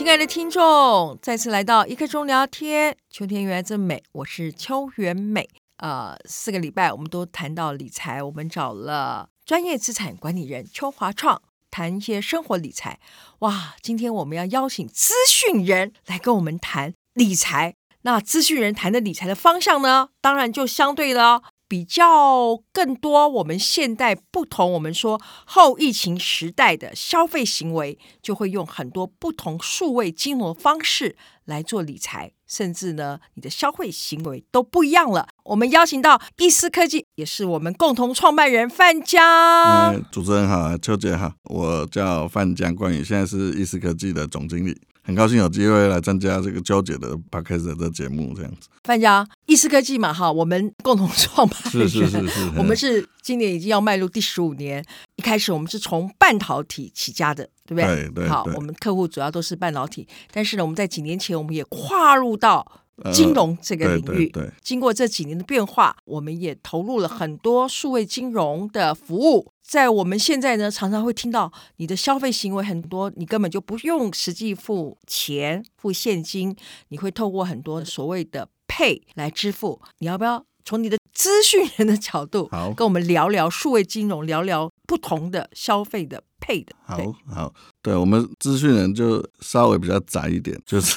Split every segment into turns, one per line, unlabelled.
親愛的聽眾，再次來到一刻鐘聊天，秋天原來真美，我是邱元美。呃，四個禮拜我們都談到理財，我們找了專業資產管理人邱華創談一些生活理財。哇，今天我們要邀請資訊人來跟我們談理財，那資訊人談的理財的方向呢，當然就相對了。比較更多我們現代不同，我們說後疫情時代的消費行為，就會用很多不同數位金融方式來做理財，甚至呢，你的消費行為都不一樣了。我們邀請到亦思科技，也是我們共同創辦人范姜。
主持人好，秋姐好，我叫范姜冠宇，關於現在是亦思科技的總經理。很高興有機會來參加這個焦姐的 podcast 的節目，這樣子。
范姜，亦思科技嘛，哈，我們共同創辦。 是是是是，我們是今年已經要邁入第十五年。一開始我們是從半導體起家的，對不對？對，對，對。好，我們客戶主要都是半導體，但是呢，我們在幾年前我們也跨入到。金融這個領域，呃、對，對，對，經過這幾年的變化，我們也投入了很多數位金融的服務。在我們現在呢，常常會聽到你的消費行為很多，你根本就不用實際付錢，付現金，你會透過很多所謂的 Pay 來支付。你要不要從你的資訊人的角度，好跟我們聊聊數位金融，聊聊不同的消費的。Pay 的，好
好，對我們資訊人就稍微比較窄一點，就是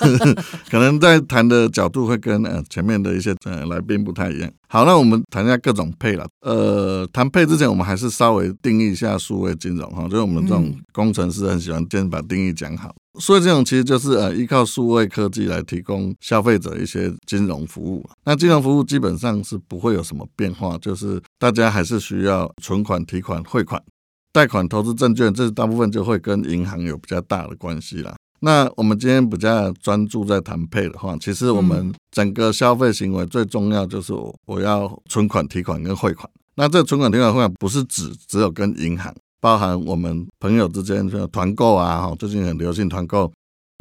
可能在談的角度會跟呃前面的一些呃來賓不太一樣。好，那我們談一下各種 Pay 啦。呃，談 Pay 之前，我們還是稍微定義一下數位金融哈，就是我們這種工程師很喜歡先把定義講好。數位金融其實就是呃依靠數位科技來提供消費者一些金融服務。那金融服務基本上是不會有什麼變化，就是大家還是需要存款、提款、匯款。貸款、投資、證券，這大部分就會跟銀行有比較大的關係了。那我們今天比較專注在談 Pay 的話，其實我們整個消費行為最重要就是我要存款、提款跟匯款。那這個存款、提款、匯款不是指只有跟銀行，包含我們朋友之間，就團購啊，哈，最近很流行團購。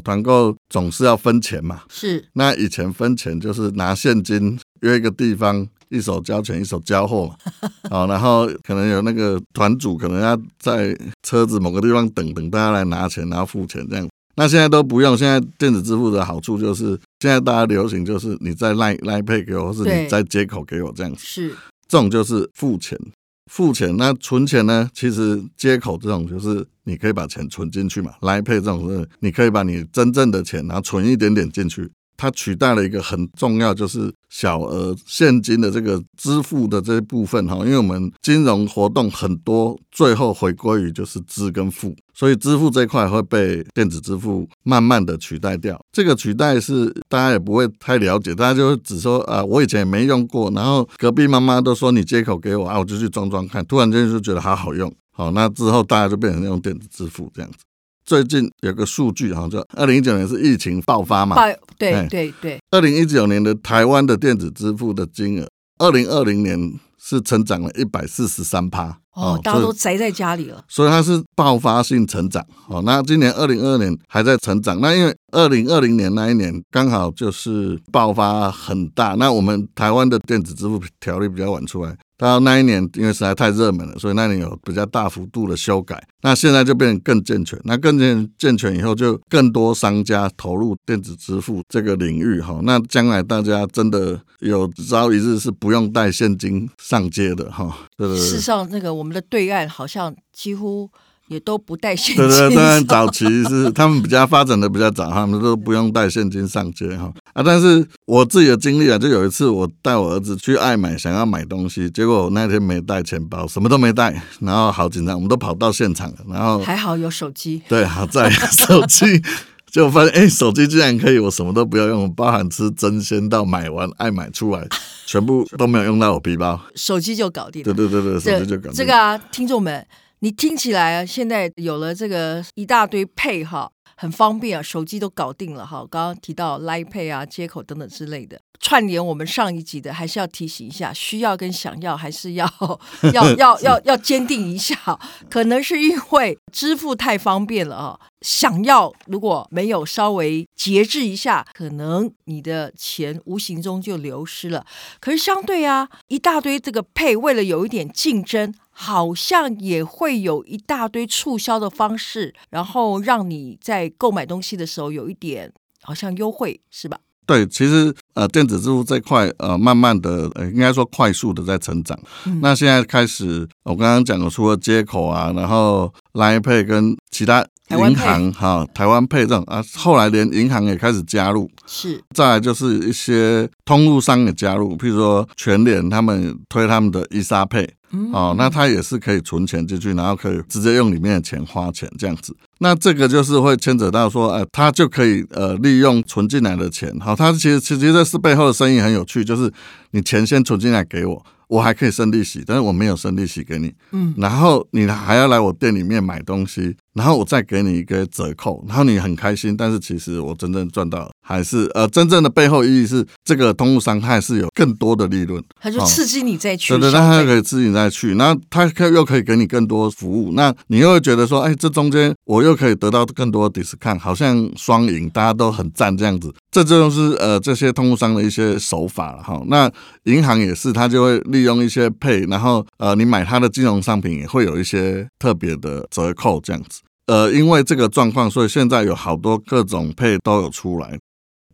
團購總是要分錢嘛。是。那以前分錢就是拿現金。約一個地方，一手交錢一手交貨，好、 哦，然後可能有那個團主可能要在車子某個地方等等大家來拿錢，然後付錢這樣。那現在都不用，現在電子支付的好處就是現在大家流行就是你再 Line Line Pay 給我，或是你再街口給我這樣是，對這種就是付錢付錢。那存錢呢？其實街口這種就是你可以把錢存進去嘛，Line Pay 這種是你可以把你真正的錢然後存一點點進去。它取代了一個很重要，就是小額現金的這個支付的這一部分哈，因為我們金融活動很多，最後回歸於就是支跟付，所以支付這一塊會被電子支付慢慢的取代掉。這個取代是大家也不會太了解，大家就只說啊，我以前也沒用過，然後隔壁媽媽都說你街口給我啊，我就去裝裝看，突然間就覺得好好用，好，那之後大家就變成用電子支付這樣子。最近有個數據，好像就二零一九年是疫情爆發嘛，爆，對對對，二零一九年的台灣的電子支付的金額，二零二零年是成長了一百四十三趴。哦，大家都
宅在家裡了，
哦、所以它是爆發性成長。哦，那今年二零二二年還在成長。那因為二零二零年那一年剛好就是爆發很大。那我們台灣的電子支付條例比較晚出來，到那一年因為實在太熱門了，所以那年有比較大幅度的修改。那現在就變得更健全，那更健健全以後就更多商家投入電子支付這個領域。哈、哦，那將來大家真的有朝一日是不用帶現金上街的。哈、哦，是、這個、上那個。
我們的對岸好像幾乎也都不帶現金。對對對，早
期是他們比較發展的比較早，他們都不用帶現金上街哈對啊！但是我自己的經歷啊，就有一次我帶我兒子去愛買想要買東西，結果我那天沒帶錢包，什麼都沒帶，然後好緊張，我們都跑到現場了，然後還
好有手機，
對，好在有手機。 就發現，哎、欸，手機居然可以，我什麼都不要用，包含吃真、真鮮到買完愛買出來，全部
都沒有用到我皮包，手機就搞定了。對對對對，對，手機就搞定了。這個啊，聽眾們，你聽起來、啊、現在有了這個一大堆 Pay 哈，很方便啊，手機都搞定了哈。剛剛提到 Line Pay 啊、街口等等之類的串聯，我們上一集的還是要提醒一下，需要跟想要還是要要 是要要要堅定一下，可能是因為支付太方便了啊。想要，如果沒有稍微節制一下，可能你的錢無形中就流失了。可是相對啊，一大堆這個 Pay，為了有一點競爭，好像也會有一大堆促銷的方式，然後讓你在購買東西的時候有一點好像優惠，是吧？
對，其實呃，電子支付這塊呃，慢慢的、呃，應該說快速的在成長。嗯、那現在開始，我剛剛講的除了街口啊，然後 Line Pay 跟其他。銀行哈灣、喔，台灣 Pay 這種啊，後來連銀行也開始加入，是。再來就是一些通路商也加入，譬如說全聯，他們推他們的伊莎配，pay, 嗯、喔，那他也是可以存錢進去，然後可以直接用裡面的錢花錢這樣子。那這個就是會牽扯到說，哎、欸，他就可以呃利用存進來的錢，好、喔，他其實其實這是背後的生意很有趣，就是你錢先存進來給我，我還可以生利息，但是我沒有生利息給你，嗯，然後你還要來我店裡面買東西。然後我再給你一個折扣，然後你很開心，但是其實我真正賺到了。還是呃，真正的背後意義是，這個通路商他還是有更多的利潤。他就刺激你再去、哦，對對，那他可以刺激你再去，那他可又可以給你更多服務，那你又會覺得說，哎，這中間我又可以得到更多 discount，好像雙贏，大家都很讚這樣子。這就是呃，這些通路商的一些手法了哈、哦。那銀行也是，他就會利用一些 Pay，然後呃，你買他的金融商品也會有一些特別的折扣這樣子。呃，因為這個狀況，所以現在有好多各種 Pay 都有出來。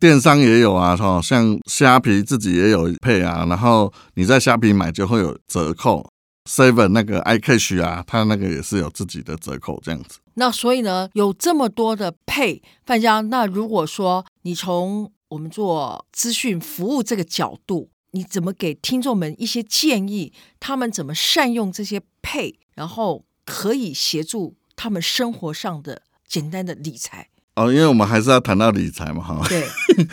電商也有啊，哈，像蝦皮自己也有配啊，然後你在蝦皮買就會有折扣。Seven 那個 iCash 啊，它那個也是有自己的折扣這樣子。
那所以呢，有這麼多的 Pay，范姜，那如果說你從我們做資訊服務這個角度，你怎麼給聽眾們一些建議？他們怎麼善用這些 Pay，然後可以協助他們生活上的簡單的理財？
哦，因為我們還是要談到理財嘛，哈。對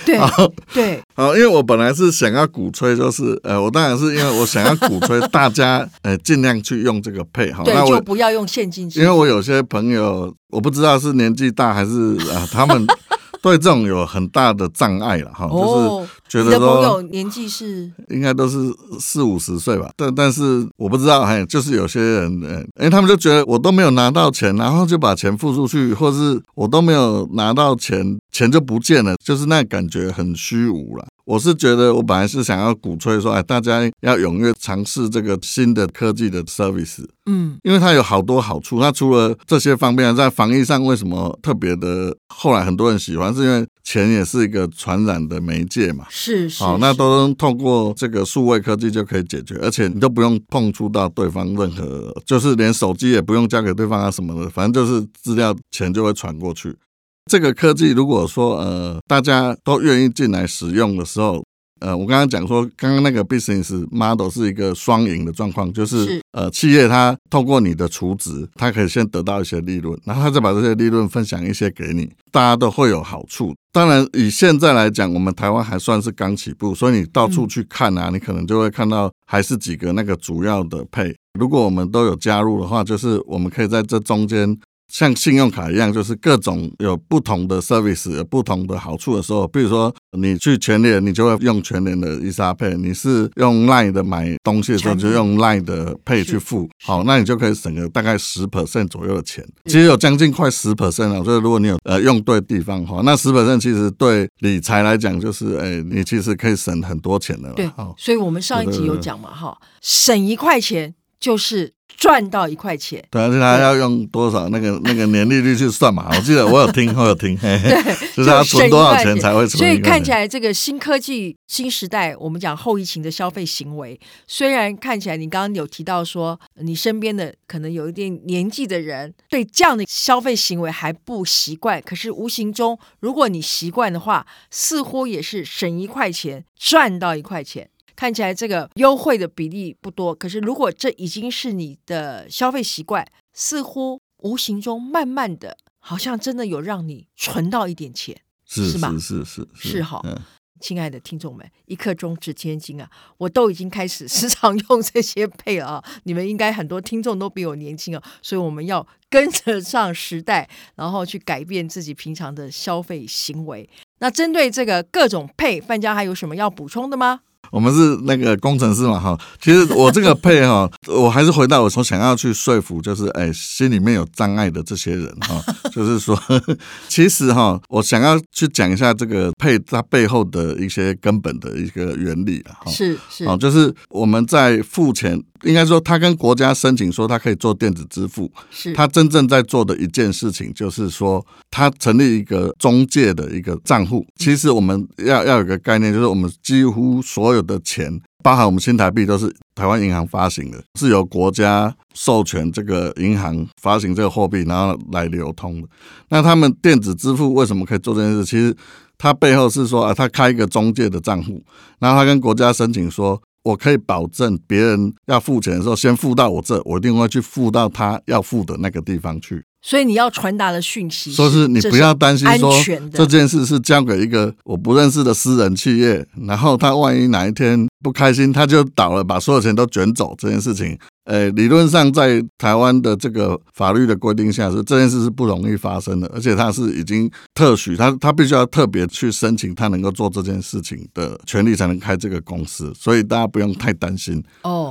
對呵對。
好，因為我本來是想要鼓吹，就是呃，我當然是因為我想要鼓吹大家 呃，儘量去用這個 Pay 哈。對，那我就不
要用現金。因為
我有些朋友，我不知道是年紀大還是啊、呃，他們。 對，這種有很大的障礙了哈，就是覺得朋友年紀是應該都是四五十歲吧，但但是我不知道，哎，就是有些人，哎，他們就覺得我都沒有拿到錢，然後就把錢付出去，或是我都沒有拿到錢，錢就不見了，就是那感覺很虛無啦。我是覺得，我本來是想要鼓吹說，哎，大家要踴躍嘗試這個新的科技的 service，嗯，因為它有好多好處。它除了這些方面，在防疫上為什麼特別的後來很多人喜歡？是因為錢也是一個傳染的媒介嘛？
是，是是。好，那
都能透過這個數位科技就可以解決，而且你都不用碰觸到對方任何，就是連手機也不用交給對方啊什麼的，反正就是資料錢就會傳過去。這個科技如果說呃大家都願意進來使用的時候，呃，我剛剛講說，剛剛那個 business model 是一個雙贏的狀況，就是，是呃企業它透過你的儲值，它可以先得到一些利潤，然後它再把這些利潤分享一些給你，大家都會有好處。當然以現在來講，我們台灣還算是剛起步，所以你到處去看啊，嗯、你可能就會看到還是幾個那個主要的 Pay。如果我們都有加入的話，就是我們可以在這中間。像信用卡一樣，就是各種有不同的 service，有不同的好處的時候。比如說，你去全聯，你就會用全聯的 Easy Pay，你是用 Line 的買東西的時候，面就用 Line 的 Pay 去付。是好，是那你就可以省了大概十 percent 左右的錢，其實有將近快十 percent 了。所以，如果你有呃用對地方哈，那十 percent 其實對理財來講，就是哎、欸，你其實可以省很多錢的。
對，好，所以我們上一集有講嘛，哈，省一塊錢。就是賺到一塊錢，
但是他要用多少對那個那個年利率去算嘛。我記得我有聽， 我有聽， 對， 就是他存多少錢才會存錢。所以看起來
這個新科技新時代，我們講後疫情的消費行為，雖然看起來你剛剛有提到說你身邊的可能有一定年紀的人對這樣的消費行為還不習慣，可是無形中如果你習慣的話，似乎也是省一塊錢賺到一塊錢。看起來這個優惠的比例不多，可是如果這已經是你的消費習慣，似乎無形中慢慢的，好像真的有讓你存到一點錢，是，是嗎？是是是是好吼，親愛的聽眾們，一刻鐘值千金啊！我都已經開始時常用這些 Pay 了啊！你們應該很多聽眾都比我年輕啊，所以我們要跟着上時代，然後去改變自己平常的消費行為。那針對這個各種 Pay，范姜還有什麼要補充的嗎？
我們是那個工程師嘛，哈，其實我這個 Pay 哈，我還是回到我所想要去說服，就是哎，心裡面有障礙的這些人哈，就是說，其實哈，我想要去講一下這個 Pay 它背後的一些根本的一個原理啊，是是，哦，就是我們在付錢，應該說他跟國家申請說他可以做電子支付，是他真正在做的一件事情，就是說他成立一個中介的一個賬戶。其實我們要要有個概念，就是我們幾乎所有。的錢，包含我們新台幣都是台灣銀行發行的，是由國家授權這個銀行發行這個貨幣，然後來流通的。那他們電子支付為什麼可以做這件事？其實他背後是說啊，他開一個中介的賬戶，然後他跟國家申請說，我可以保證別人要付錢的時候，先付到我這，我一定會去付到他要付的那個地方去。
所以你要傳達的訊息，說是你不要擔心，說這
件事是交給一個我不認識的私人企業，然後他萬一哪一天不開心，他就倒了，把所有錢都卷走。這件事情，呃，理論上在台灣的這個法律的規定下，是這件事是不容易發生的，而且他是已經特許，他他必須要特別去申請，他能夠做這件事情的權利，才能開這個公司。所以大家不用太擔心。
哦。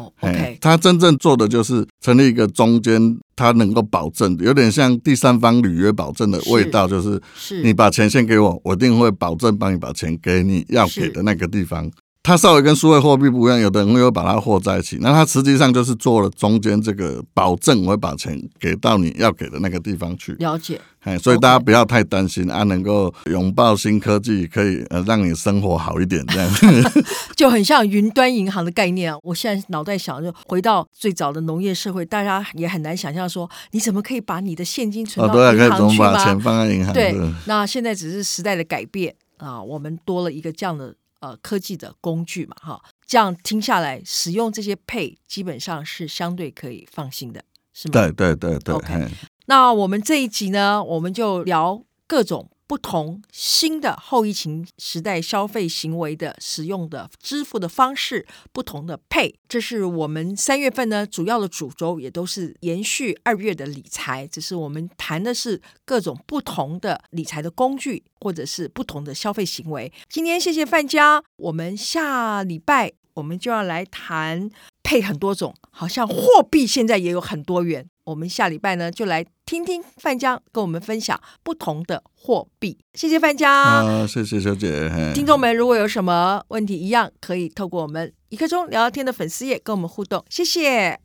他
Okay. 真正做的就是成立一個中間，他能夠保證，有點像第三方履約保證的味道，是就是你把錢先給我，是我一定會保證幫你把錢給你要給的那個地方。它稍微跟數位貨幣不一樣，有的人會把它和在一起，那它實際上就是做了中間這個保證，我會把錢給到你要給的那個地方去。了解，哎，所以大家不要太擔心 Okay. 啊，能夠擁抱新科技，可以呃讓你生活好一點，這樣
就很像雲端銀行的概念，啊。我現在腦袋想，就回到最早的農業社會，大家也很難想象說，你怎麼可以把你的現金存到銀行去，哦對啊，把錢
放在銀行，嗯，對，對
那現在只是時代的改變啊，我們多了一個這樣的。呃，科技的工具嘛，哈，這樣聽下來，使用這些 Pay 基本上是相對可以放心的，是嗎？
對對對對。OK，
嘿那我們這一集呢，我們就聊各種。不同新的後疫情時代消費行為的使用的支付的方式，不同的 Pay，這是我們三月份呢主要的主軸，也都是延續二月的理財，只是我們談的是各種不同的理財的工具，或者是不同的消費行為。今天謝謝范姜，我們下禮拜我們就要來談 Pay 很多種，好像貨幣現在也有很多元。我們下禮拜呢，就來聽聽范姜跟我們分享不同的貨幣。謝謝范姜、
啊，謝謝小姐。聽眾
們如果有什麼問題，一樣可以透過我們一刻鐘聊聊天的粉絲頁跟我們互動。謝謝。